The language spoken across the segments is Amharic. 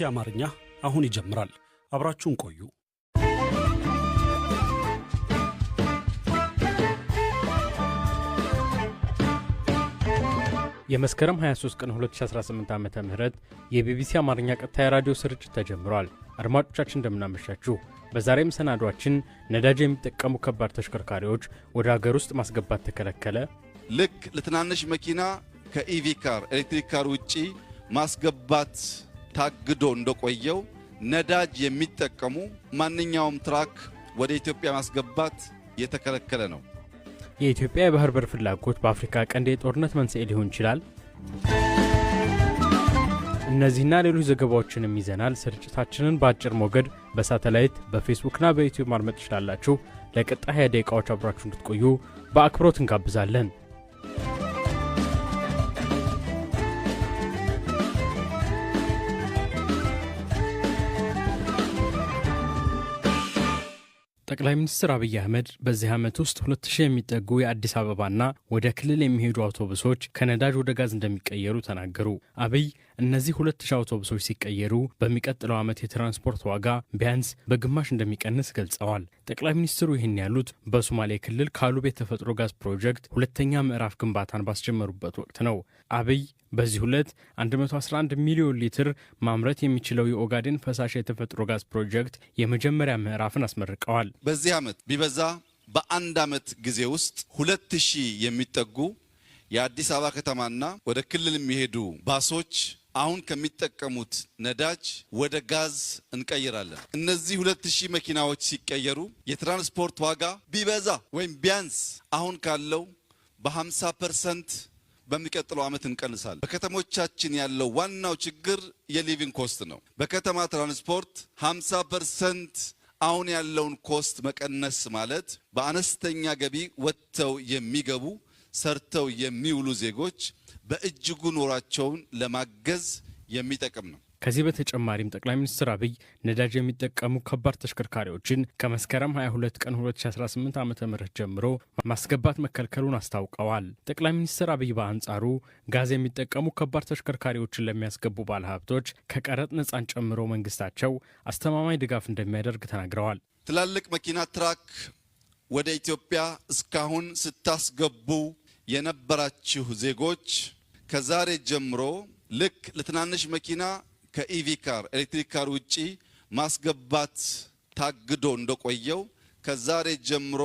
ቢቢሲ አማርኛ አሁን ይጀምራል። አብራችሁን ቆዩ። የመስከረም 23 ቀን 2018 ዓ ም የቢቢሲ አማርኛ ቀጥታ የራዲዮ ስርጭት ተጀምሯል። አድማጮቻችን እንደምናመሻችሁ። በዛሬ መሰናዷችን ነዳጅ የሚጠቀሙ ከባድ ተሽከርካሪዎች ወደ አገር ውስጥ ማስገባት ተከለከለ፣ ልክ ለትናንሽ መኪና ከኢቪ ካር ኤሌክትሪክ ካር ውጪ ማስገባት ታግዶ እንደቆየው ነዳጅ የሚጠቀሙ ማንኛውም ትራክ ወደ ኢትዮጵያ ማስገባት የተከለከለ ነው። የኢትዮጵያ የባህር በር ፍላጎት በአፍሪካ ቀንድ የጦርነት መንስኤ ሊሆን ይችላል። እነዚህና ሌሎች ዘገባዎችንም ይዘናል። ስርጭታችንን በአጭር ሞገድ በሳተላይት በፌስቡክና በዩትዩብ ማድመጥ ትችላላችሁ። ለቀጣይ ደቂቃዎች አብራችሁ እንድትቆዩ በአክብሮት እንጋብዛለን። ጠቅላይ ሚኒስትር አብይ አህመድ በዚህ ዓመት ውስጥ 2000 የሚጠጉ የአዲስ አበባና ወደ ክልል የሚሄዱ አውቶቡሶች ከነዳጅ ወደ ጋዝ እንደሚቀየሩ ተናገሩ። አብይ እነዚህ ሁለት ሺህ አውቶቡሶች ሲቀየሩ በሚቀጥለው ዓመት የትራንስፖርት ዋጋ ቢያንስ በግማሽ እንደሚቀንስ ገልጸዋል። ጠቅላይ ሚኒስትሩ ይህን ያሉት በሶማሌ ክልል ካሉብ የተፈጥሮ ጋዝ ፕሮጀክት ሁለተኛ ምዕራፍ ግንባታን ባስጀመሩበት ወቅት ነው። አብይ በዚህ ሁለት 111 ሚሊዮን ሊትር ማምረት የሚችለው የኦጋዴን ፈሳሽ የተፈጥሮ ጋዝ ፕሮጀክት የመጀመሪያ ምዕራፍን አስመርቀዋል። በዚህ ዓመት ቢበዛ በአንድ ዓመት ጊዜ ውስጥ ሁለት ሺህ የሚጠጉ የአዲስ አበባ ከተማና ወደ ክልል የሚሄዱ ባሶች አሁን ከሚጠቀሙት ነዳጅ ወደ ጋዝ እንቀይራለን። እነዚህ ሁለት መኪናዎች ሲቀየሩ የትራንስፖርት ዋጋ ቢበዛ ወይም ቢያንስ አሁን ካለው በ50 ፐርሰንት በሚቀጥለው ዓመት እንቀንሳለን። በከተሞቻችን ያለው ዋናው ችግር የሊቪንግ ኮስት ነው። በከተማ ትራንስፖርት 50 ፐርሰንት አሁን ያለውን ኮስት መቀነስ ማለት በአነስተኛ ገቢ ወጥተው የሚገቡ ሰርተው የሚውሉ ዜጎች በእጅጉ ኑሯቸውን ለማገዝ የሚጠቅም ነው። ከዚህ በተጨማሪም ጠቅላይ ሚኒስትር አብይ ነዳጅ የሚጠቀሙ ከባድ ተሽከርካሪዎችን ከመስከረም 22 ቀን 2018 ዓ ም ጀምሮ ማስገባት መከልከሉን አስታውቀዋል። ጠቅላይ ሚኒስትር አብይ በአንጻሩ ጋዝ የሚጠቀሙ ከባድ ተሽከርካሪዎችን ለሚያስገቡ ባለሀብቶች ከቀረጥ ነፃን ጨምሮ መንግስታቸው አስተማማኝ ድጋፍ እንደሚያደርግ ተናግረዋል። ትላልቅ መኪና ትራክ ወደ ኢትዮጵያ እስካሁን ስታስገቡ የነበራችሁ ዜጎች ከዛሬ ጀምሮ ልክ ለትናንሽ መኪና ከኢቪ ካር ኤሌክትሪክ ካር ውጪ ማስገባት ታግዶ እንደቆየው ከዛሬ ጀምሮ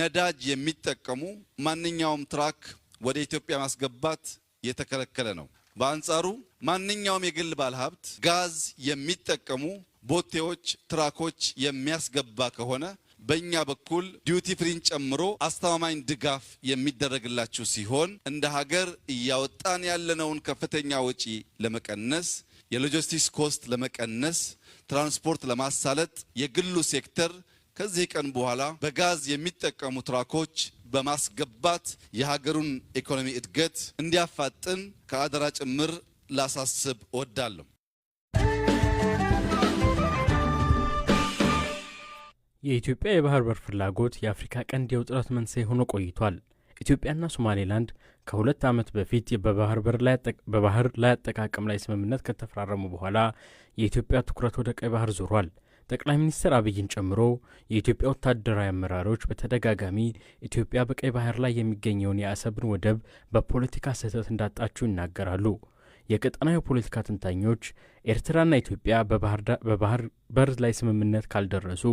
ነዳጅ የሚጠቀሙ ማንኛውም ትራክ ወደ ኢትዮጵያ ማስገባት የተከለከለ ነው። በአንጻሩ ማንኛውም የግል ባለሀብት ጋዝ የሚጠቀሙ ቦቴዎች፣ ትራኮች የሚያስገባ ከሆነ በእኛ በኩል ዲዩቲ ፍሪን ጨምሮ አስተማማኝ ድጋፍ የሚደረግላችሁ ሲሆን እንደ ሀገር እያወጣን ያለነውን ከፍተኛ ወጪ ለመቀነስ፣ የሎጂስቲክስ ኮስት ለመቀነስ፣ ትራንስፖርት ለማሳለጥ የግሉ ሴክተር ከዚህ ቀን በኋላ በጋዝ የሚጠቀሙ ትራኮች በማስገባት የሀገሩን ኢኮኖሚ እድገት እንዲያፋጥን ከአደራ ጭምር ላሳስብ እወዳለሁ። የኢትዮጵያ የባህር በር ፍላጎት የአፍሪካ ቀንድ የውጥረት መንስኤ ሆኖ ቆይቷል። ኢትዮጵያና ሶማሌላንድ ከሁለት ዓመት በፊት በባህር ላይ አጠቃቀም ላይ ስምምነት ከተፈራረሙ በኋላ የኢትዮጵያ ትኩረት ወደ ቀይ ባህር ዞሯል። ጠቅላይ ሚኒስትር አብይን ጨምሮ የኢትዮጵያ ወታደራዊ አመራሮች በተደጋጋሚ ኢትዮጵያ በቀይ ባህር ላይ የሚገኘውን የአሰብን ወደብ በፖለቲካ ስህተት እንዳጣችው ይናገራሉ። የቀጠናዊ የፖለቲካ ትንታኞች ኤርትራና ኢትዮጵያ በባህር በር ላይ ስምምነት ካልደረሱ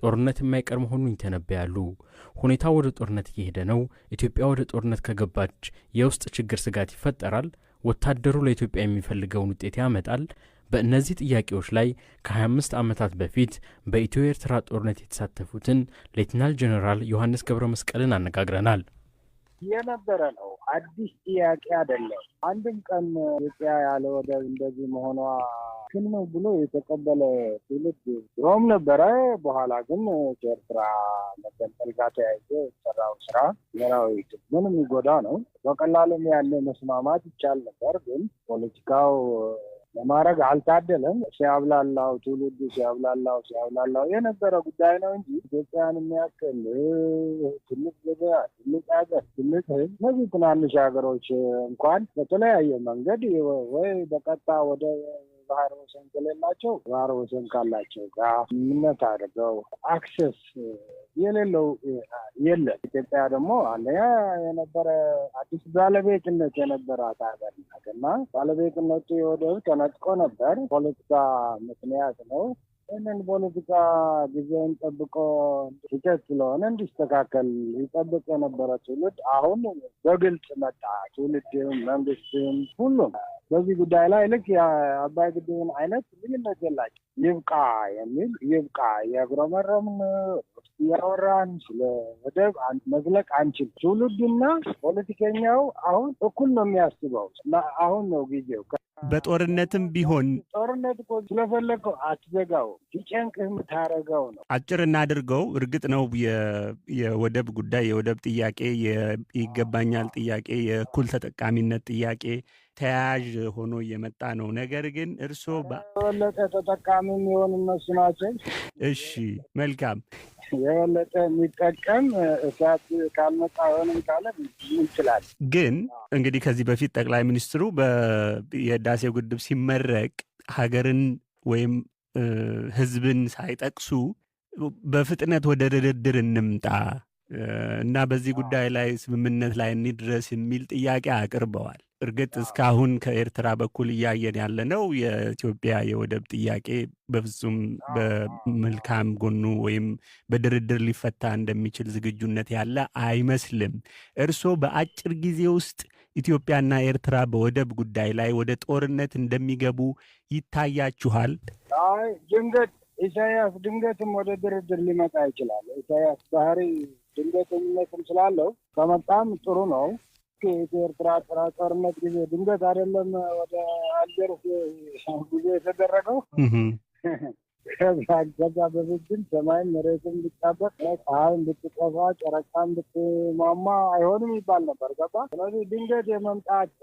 ጦርነት የማይቀር መሆኑን ይተነበያሉ። ሁኔታው ወደ ጦርነት እየሄደ ነው። ኢትዮጵያ ወደ ጦርነት ከገባች የውስጥ ችግር ስጋት ይፈጠራል። ወታደሩ ለኢትዮጵያ የሚፈልገውን ውጤት ያመጣል። በእነዚህ ጥያቄዎች ላይ ከ25 ዓመታት በፊት በኢትዮ ኤርትራ ጦርነት የተሳተፉትን ሌትናል ጀኔራል ዮሐንስ ገብረ መስቀልን አነጋግረናል። የነበረ ነው አዲስ ጥያቄ አይደለም። አንድም ቀን ኢትዮጵያ ያለ ወደብ እንደዚህ መሆኗ ክን ነው ብሎ የተቀበለ ትውልድ ድሮም ነበረ። በኋላ ግን ከኤርትራ መገንጠል ጋር ተያይዞ የሰራው ስራ ብሔራዊ ጥቅምን የሚጎዳ ነው። በቀላሉም ያለ መስማማት ይቻል ነበር፣ ግን ፖለቲካው ለማድረግ አልታደለም። ሲያብላላው ትውልዱ ሲያብላላው ሲያብላላው የነበረ ጉዳይ ነው እንጂ ኢትዮጵያን የሚያክል ትልቅ ገበያ፣ ትልቅ ሀገር፣ ትልቅ ሕዝብ እነዚህ ትናንሽ ሀገሮች እንኳን በተለያየ መንገድ ወይ በቀጥታ ወደ ባህር ወሰን ከሌላቸው ባህር ወሰን ካላቸው ጋር ምነት አድርገው አክሰስ የሌለው የለም። ኢትዮጵያ ደግሞ አንደኛ የነበረ አዲስ ባለቤትነት የነበራት ሀገር ናት እና ባለቤትነቱ የወደብ ተነጥቆ ነበር። ፖለቲካ ምክንያት ነው። ይህንን ፖለቲካ ጊዜውን ጠብቆ ትኬት ስለሆነ እንዲስተካከል ይጠብቅ የነበረ ትውልድ አሁን በግልጽ መጣ። ትውልድም መንግስትም ሁሉም በዚህ ጉዳይ ላይ ልክ የአባይ ግድብን አይነት ልዩነት የላቸው። ይብቃ የሚል ይብቃ የጉረመረምን እያወራን ስለ ወደብ መዝለቅ አንችል። ትውልዱና ፖለቲከኛው አሁን እኩል ነው የሚያስበው አሁን ነው ጊዜው በጦርነትም ቢሆን ጦርነት እኮ ስለፈለግከው አትዘጋው፣ ሲጨንቅህ የምታረገው ነው። አጭር እናድርገው። እርግጥ ነው የወደብ ጉዳይ፣ የወደብ ጥያቄ፣ ይገባኛል ጥያቄ፣ የእኩል ተጠቃሚነት ጥያቄ ተያያዥ ሆኖ እየመጣ ነው። ነገር ግን እርስዎ በበለጠ ተጠቃሚ የሚሆን እነሱ ናቸው። እሺ፣ መልካም የበለጠ የሚጠቀም እሳት ካልመጣ ሆንም ካለ እንችላል። ግን እንግዲህ ከዚህ በፊት ጠቅላይ ሚኒስትሩ የህዳሴው ግድብ ሲመረቅ ሀገርን ወይም ህዝብን ሳይጠቅሱ በፍጥነት ወደ ድርድር እንምጣ እና በዚህ ጉዳይ ላይ ስምምነት ላይ እንድረስ የሚል ጥያቄ አቅርበዋል። እርግጥ እስካሁን ከኤርትራ በኩል እያየን ያለነው የኢትዮጵያ የወደብ ጥያቄ በፍጹም በመልካም ጎኑ ወይም በድርድር ሊፈታ እንደሚችል ዝግጁነት ያለ አይመስልም። እርስዎ በአጭር ጊዜ ውስጥ ኢትዮጵያና ኤርትራ በወደብ ጉዳይ ላይ ወደ ጦርነት እንደሚገቡ ይታያችኋል? ድንገት ኢሳያስ ድንገትም ወደ ድርድር ሊመጣ ይችላል። ኢሳያስ ባህሪ ድንገተኝነትም ስላለው ከመጣም ጥሩ ነው። የኤርትራ ጦርነት ጊዜ ድንገት አይደለም ወደ አልጀር ጉዞ የተደረገው። ከዛ በፊት ግን ሰማይም መሬትም እንድጣበቅ ፀሐይ እንድትጠፋ ጨረቃ እንድትሟሟ አይሆንም ይባል ነበር። ገባ። ስለዚህ ድንገት የመምጣት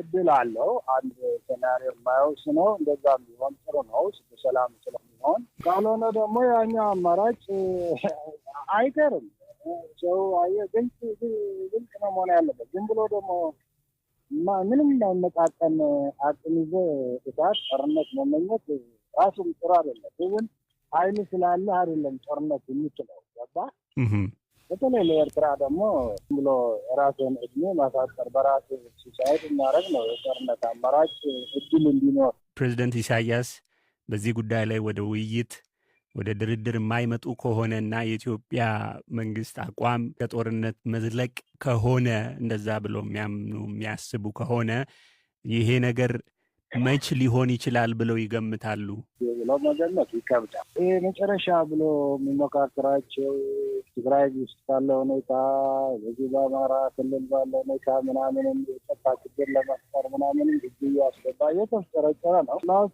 እድል አለው። አንድ ሴናሪዮ ማየውስ ነው። እንደዛ ቢሆን ጥሩ ነው፣ በሰላም ስለሚሆን። ካልሆነ ደግሞ ያኛው አማራጭ አይቀርም ሰው አየ ግልጽ ግልጽ ነው መሆን ያለበት። ዝም ብሎ ደግሞ ምንም የማይመጣጠን አቅም ይዘህ እሳት ጦርነት መመኘት ራሱም ጥሩ አይደለም። ግን ኃይል ስላለ አይደለም ጦርነት የሚችለው ገባህ? በተለይ ለኤርትራ ደግሞ ብሎ ራስን እድሜ ማሳጠር በራስ ሲሳይድ እናደረግ ነው የጦርነት አማራጭ እድል እንዲኖር ፕሬዚደንት ኢሳያስ በዚህ ጉዳይ ላይ ወደ ውይይት ወደ ድርድር የማይመጡ ከሆነና የኢትዮጵያ መንግስት አቋም ከጦርነት መዝለቅ ከሆነ እንደዛ ብሎ የሚያምኑ የሚያስቡ ከሆነ ይሄ ነገር መች ሊሆን ይችላል ብለው ይገምታሉ ብለው መገመት ይከብዳል። ይህ መጨረሻ ብሎ የሚሞካክራቸው ትግራይ ውስጥ ባለ ሁኔታ በዚህ በአማራ ክልል ባለ ሁኔታ ምናምንም የጸጥታ ችግር ለመፍጠር ምናምንም ግቢ እያስገባ እየተፍጨረጨረ ነው።